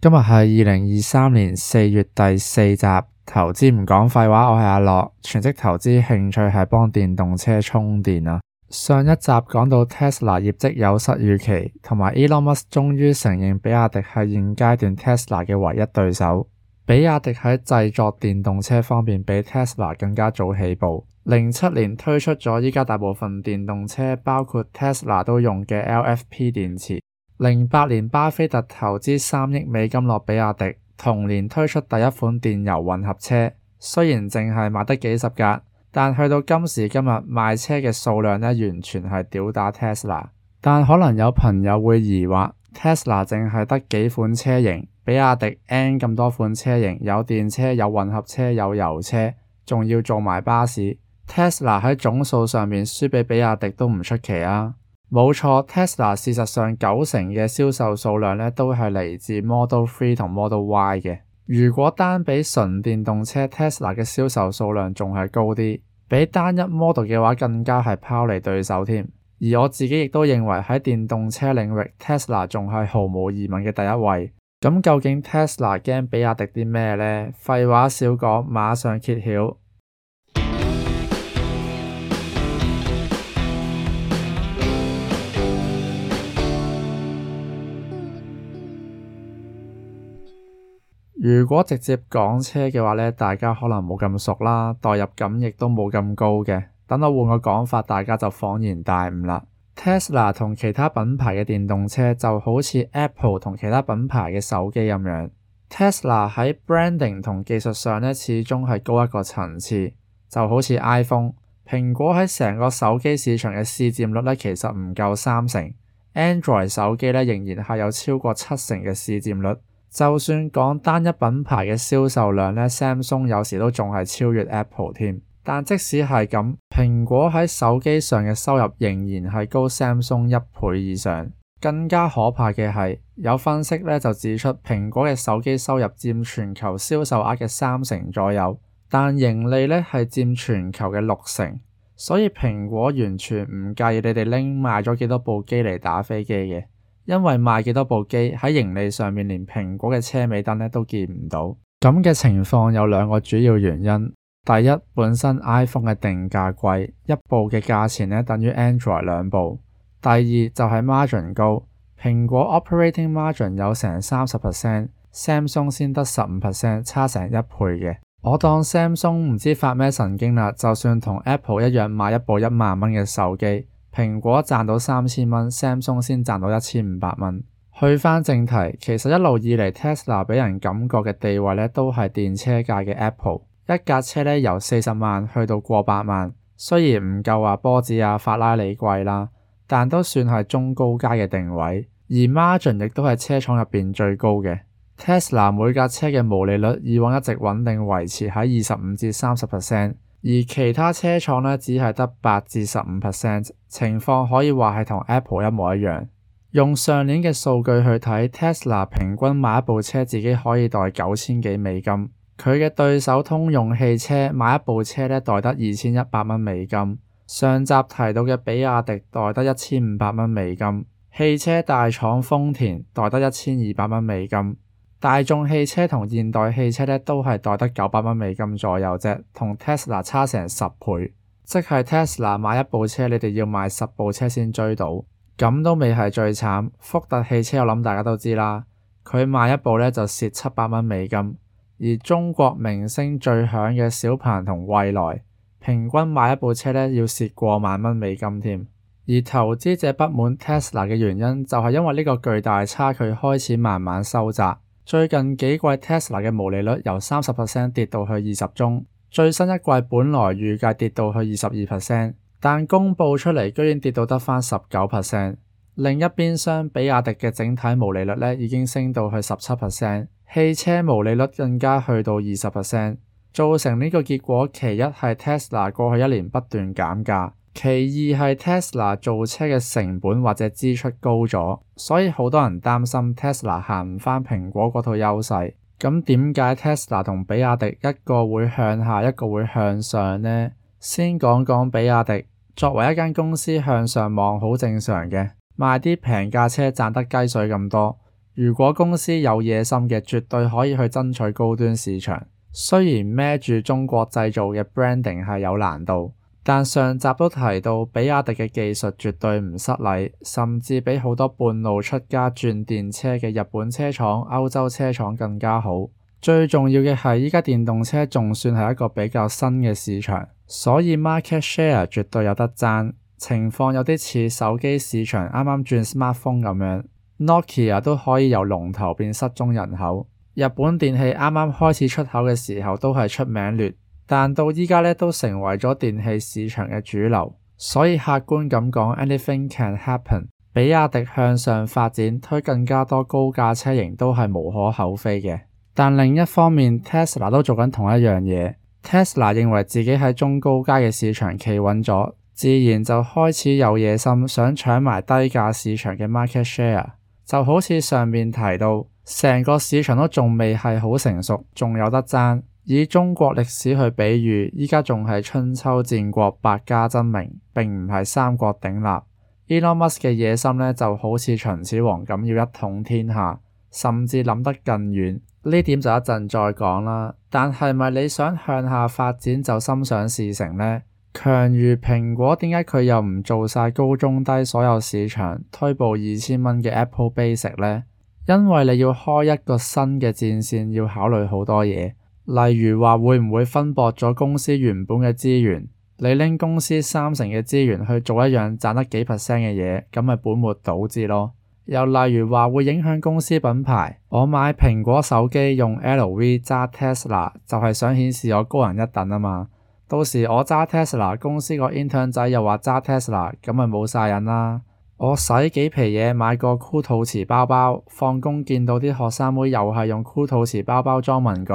今日係二零二三年四月第四集，投資唔講廢話，我係阿樂，全職投資，興趣係幫電動車充電啊。上一集講到 Tesla 業績有失預期，同埋 Elon Musk 終於承認，比亞迪係現階段 Tesla 嘅唯一對手。比亞迪喺製作電動車方面比 Tesla 更加早起步，零七年推出咗而家大部分電動車，包括 Tesla 都用嘅 LFP 電池。零八年巴菲特投資三億美金落比亞迪，同年推出第一款電油混合車。雖然淨係賣得幾十架，但去到今時今日，賣車嘅數量呢完全係屌打 Tesla。但可能有朋友會疑惑，Tesla 淨係得幾款車型，比亞迪 N 咁多款車型，有電車、有混合車、有油車，仲要做埋巴士，Tesla 喺總數上面輸俾比亞迪都唔出奇啊！冇錯，Tesla 事實上九成嘅銷售數量咧都係嚟自 Model 3同 Model Y 嘅。如果單比純電動車，Tesla 嘅銷售數量仲係高啲，比單一 Model 嘅話更加係拋離對手添。而我自己亦都認為喺電動車領域，Tesla 仲係毫無疑問嘅第一位。咁究竟 Tesla 驚比亞迪啲咩咧？廢話少講，馬上揭曉。如果直接講車嘅話呢，大家可能冇咁熟啦，代入感亦都冇咁高嘅。等到換個講法，大家就恍然大悟啦。Tesla 同其他品牌嘅電動車就好似 Apple 同其他品牌嘅手機咁樣，Tesla 喺 branding 同技術上呢，始終係高一個層次，就好似 iPhone。蘋果喺成個手機市場嘅市佔率呢，其實唔夠三成，Android 手機呢，仍然係有超過七成嘅市佔率。就算講單一品牌嘅銷售量呢 Samsung 有時都仲係超越 Apple 添。但即使係咁，蘋果喺手機上嘅收入仍然係高 Samsung 一倍以上。更加可怕嘅係，有分析呢就指出，蘋果嘅手機收入占全球銷售額嘅三成左右，但盈利呢係占全球嘅六成。所以蘋果完全唔介意你哋拎賣咗幾多部機嚟打飛機嘅。因為賣幾多部機喺盈利上面連蘋果嘅車尾燈咧都見唔到，咁嘅情況有兩個主要原因：第一，本身 iPhone 嘅定價貴，一部嘅價錢咧等於 Android 兩部；第二就係 margin 高，蘋果 Operating Margin 有成三十 percent，Samsung 先得十五 percent，差成一倍嘅。我當 Samsung 唔知發咩神經啦，就算同 Apple 一樣賣一部一萬蚊嘅手機。蘋果賺到 3, 三千蚊，Samsung 先賺到一千五百蚊。去返正題，其實一路以嚟 Tesla 畀人感覺嘅地位呢，都係電車界嘅 Apple。一架車呢，由四十萬去到過百萬，雖然唔夠話，啊、波子啊、法拉利貴啦，但都算係中高階嘅定位。而 margin 亦都係車廠入邊最高嘅，Tesla 每架車嘅毛利率以往一直穩定維持喺二十五至三十 percent。而其他車廠呢，只係得八至十五 percent，情況可以話係同 Apple 一模一樣。用上年嘅數據去睇，Tesla 平均買一部車自己可以袋九千幾美金，佢嘅對手通用汽車買一部車呢，袋得二千一百蚊美金，上集提到嘅比亞迪袋得一千五百蚊美金，汽車大廠豐田袋得一千二百蚊美金。大眾汽車同現代汽車咧都係代得九百蚊美金左右啫，同 Tesla 差成十倍，即係 Tesla 買一部車，你哋要買十部車先追到，咁都未係最慘。福特汽車我諗大家都知啦，佢賣一部咧就蝕七百蚊美金，而中國明星最響嘅小鵬同蔚來，平均買一部車咧要蝕過萬蚊美金添。而投資者不滿 Tesla 嘅原因就係因為呢個巨大差距開始慢慢收窄。最近幾季 Tesla 嘅毛利率由三十 percent 跌到去二十中，最新一季本來預計跌到去二十二 percent，但公佈出嚟居然跌到得返十九 percent。另一邊廂比亞迪嘅整體毛利率呢已經升到去十七 percent，汽車毛利率更加去到二十 percent，造成呢個結果，其一係 Tesla 過去一年不斷減價。其二係 Tesla 做車嘅成本或者支出高咗，所以好多人擔心 Tesla 行唔翻蘋果嗰套優勢。咁點解 Tesla 同比亞迪一個會向下，一個會向上呢？先講講比亞迪，作為一間公司向上望好正常嘅，賣啲平價車賺得雞水咁多。如果公司有野心嘅，絕對可以去爭取高端市場。雖然孭住中國製造嘅 branding 係有難度。但上集都提到，比亞迪嘅技術絕對唔失禮，甚至比好多半路出家轉電車嘅日本車廠、歐洲車廠更加好。最重要嘅係，而家電動車仲算係一個比較新嘅市場，所以 market share 絕對有得爭。情況有啲似手機市場啱啱轉 smartphone 咁樣，Nokia 都可以由龍頭變失蹤人口。日本電器啱啱開始出口嘅時候，都係出名劣。但到依家咧都成為咗電器市場嘅主流，所以客觀咁講，anything can happen。比亞迪向上發展，推更加多高價車型都係無可厚非嘅。但另一方面，Tesla 都做緊同一樣嘢。Tesla 認為自己喺中高階嘅市場企穩咗，自然就開始有野心想搶埋低價市場嘅 market share。就好似上面提到，成個市場都仲未係好成熟，仲有得爭。以中國歷史去比喻，依家仲係春秋戰國，百家爭鳴，並唔係三國鼎立。Elon Musk 嘅野心呢，就好似秦始皇咁，要一統天下，甚至諗得更遠。呢點就一陣再講啦。但係咪你想向下發展就心想事成呢？強如蘋果，點解佢又唔做晒高中低所有市場，推部二千蚊嘅 Apple Basic 呢？因為你要開一個新嘅戰線，要考慮好多嘢。例如話會唔會分薄咗公司原本嘅資源？你拎公司三成嘅資源去做一樣賺得幾 percent 嘅嘢，咁咪本末倒置咯。又例如話會影響公司品牌。我買蘋果手機、用 LV 揸 Tesla 就係想顯示我高人一等啊嘛。到時我揸 Tesla 公司個 intern 仔又話揸 Tesla，咁咪冇晒癮啦。我洗幾皮嘢買個酷陶瓷包包，放工見到啲學生妹又係用酷陶瓷包包裝文具。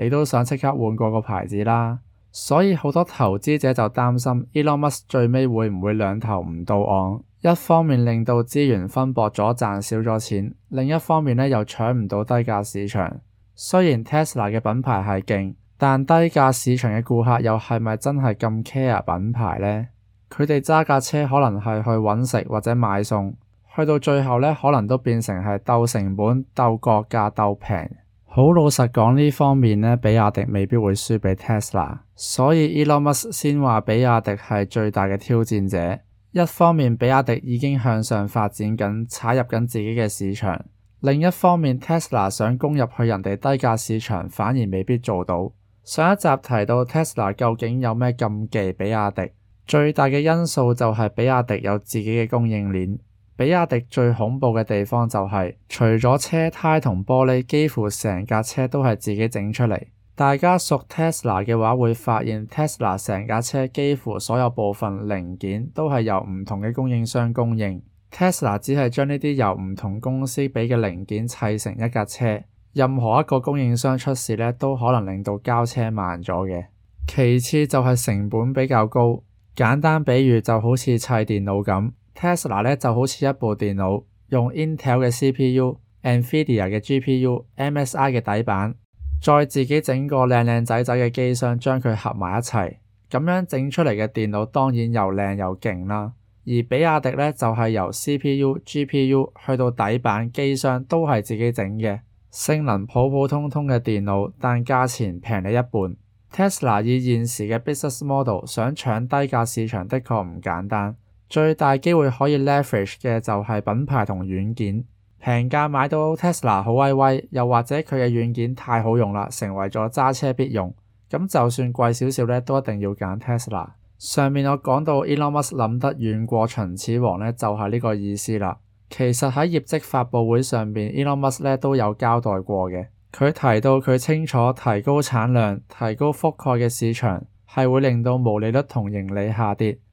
你都想即刻換過個牌子啦，所以好多投資者就擔心 Elon Musk 最尾會唔會兩頭唔到岸？一方面令到資源分薄咗，賺少咗錢；另一方面呢，又搶唔到低價市場。雖然 Tesla 嘅品牌係勁，但低價市場嘅顧客又係咪真係咁 care 品牌呢？佢哋揸架車可能係去揾食或者買餸，去到最後呢，可能都變成係鬥成本、鬥國價、鬥平。好老實講呢方面呢，比亞迪未必會輸俾 Tesla，所以 Elon Musk 先話比亞迪係最大嘅挑戰者。一方面，比亞迪已經向上發展緊，踩入緊自己嘅市場；另一方面，Tesla 想攻入去人哋低價市場，反而未必做到。上一集提到 Tesla 究竟有咩禁忌？比亞迪最大嘅因素就係比亞迪有自己嘅供應鏈。比亞迪最恐怖嘅地方就係，除咗車胎同玻璃，幾乎成架車都係自己整出嚟。大家熟 Tesla 嘅話，會發現 Tesla 成架車幾乎所有部分零件都係由唔同嘅供應商供應，Tesla 只係將呢啲由唔同公司俾嘅零件砌成一架車。任何一個供應商出事呢，都可能令到交車慢咗嘅。其次就係成本比較高，簡單比喻就好似砌電腦咁。Tesla 咧就好似一部電腦，用 Intel 嘅 CPU、Nvidia 嘅 GPU、MSI 嘅底板，再自己整個靚靚仔仔嘅機箱，將佢合埋一齊，咁樣整出嚟嘅電腦當然又靚又勁啦。而比亞迪咧就係由 CPU、GPU 去到底板機箱都係自己整嘅，性能普普通通嘅電腦，但價錢平你一半。Tesla 以現時嘅 business model 想搶低價市場的確唔簡單。最大機會可以 leverage 嘅就係品牌同軟件，平價買到 Tesla 好威威，又或者佢嘅軟件太好用啦，成為咗揸車必用。咁就算貴少少咧，都一定要揀 Tesla。上面我講到 Elon Musk 諗得遠過秦始皇咧，就係呢個意思啦。其實喺業績發佈會上面 Elon Musk 咧都有交代過嘅，佢提到佢清楚提高產量、提高覆蓋嘅市場係會令到毛利率同盈利下跌。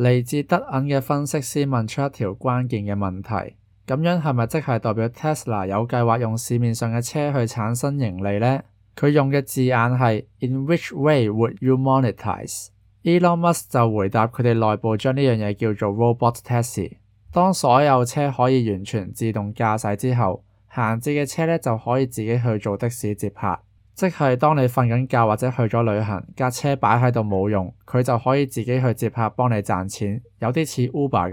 嚟自德銀嘅分析師問出一條關鍵嘅問題：咁樣係咪即係代表 Tesla 有計劃用市面上嘅車去產生盈利呢？佢用嘅字眼係 In which way would you monetize？Elon Musk 就回答：佢哋內部將呢樣嘢叫做 Robot Taxi。當所有車可以完全自動駕駛之後，閒置嘅車咧就可以自己去做的士接客。即係當你瞓緊覺或者去咗旅行，架車擺喺度冇用，佢就可以自己去接客幫你賺錢，有啲似 Uber 咁。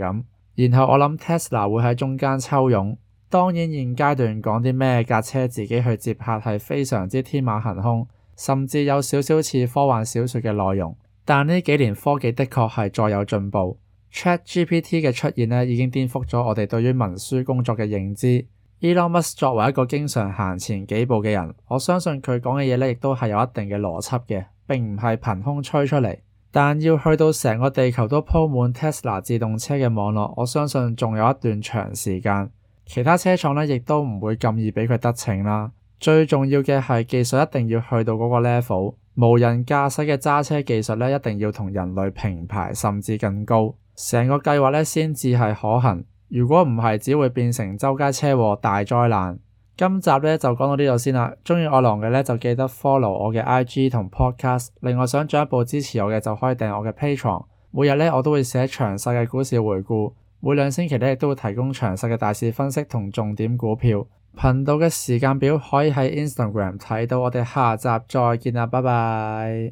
然後我諗 Tesla 會喺中間抽佣。當然現階段講啲咩架車自己去接客係非常之天馬行空，甚至有少少似科幻小説嘅內容。但呢幾年科技的確係再有進步，ChatGPT 嘅出現咧已經顛覆咗我哋對於文書工作嘅認知。Elon Musk 作為一個經常行前幾步嘅人，我相信佢講嘅嘢咧，亦都係有一定嘅邏輯嘅，並唔係憑空吹出嚟。但要去到成個地球都鋪滿 Tesla 自動車嘅網絡，我相信仲有一段長時間。其他車廠咧，亦都唔會咁易畀佢得逞啦。最重要嘅係技術一定要去到嗰個 level，無人駕駛嘅揸車技術咧，一定要同人類平排，甚至更高，成個計劃咧先至係可行。如果唔係，只會變成周街車禍大災難。今集咧就講到呢度先啦。鍾意我郎嘅咧，就記得 follow 我嘅 IG 同 Podcast。另外想進一步支持我嘅就可以訂我嘅 Patreon。每日咧我都會寫詳細嘅股市回顧，每兩星期咧亦都會提供詳細嘅大市分析同重點股票。頻道嘅時間表可以喺 Instagram 睇到。我哋下集再見啦，拜拜。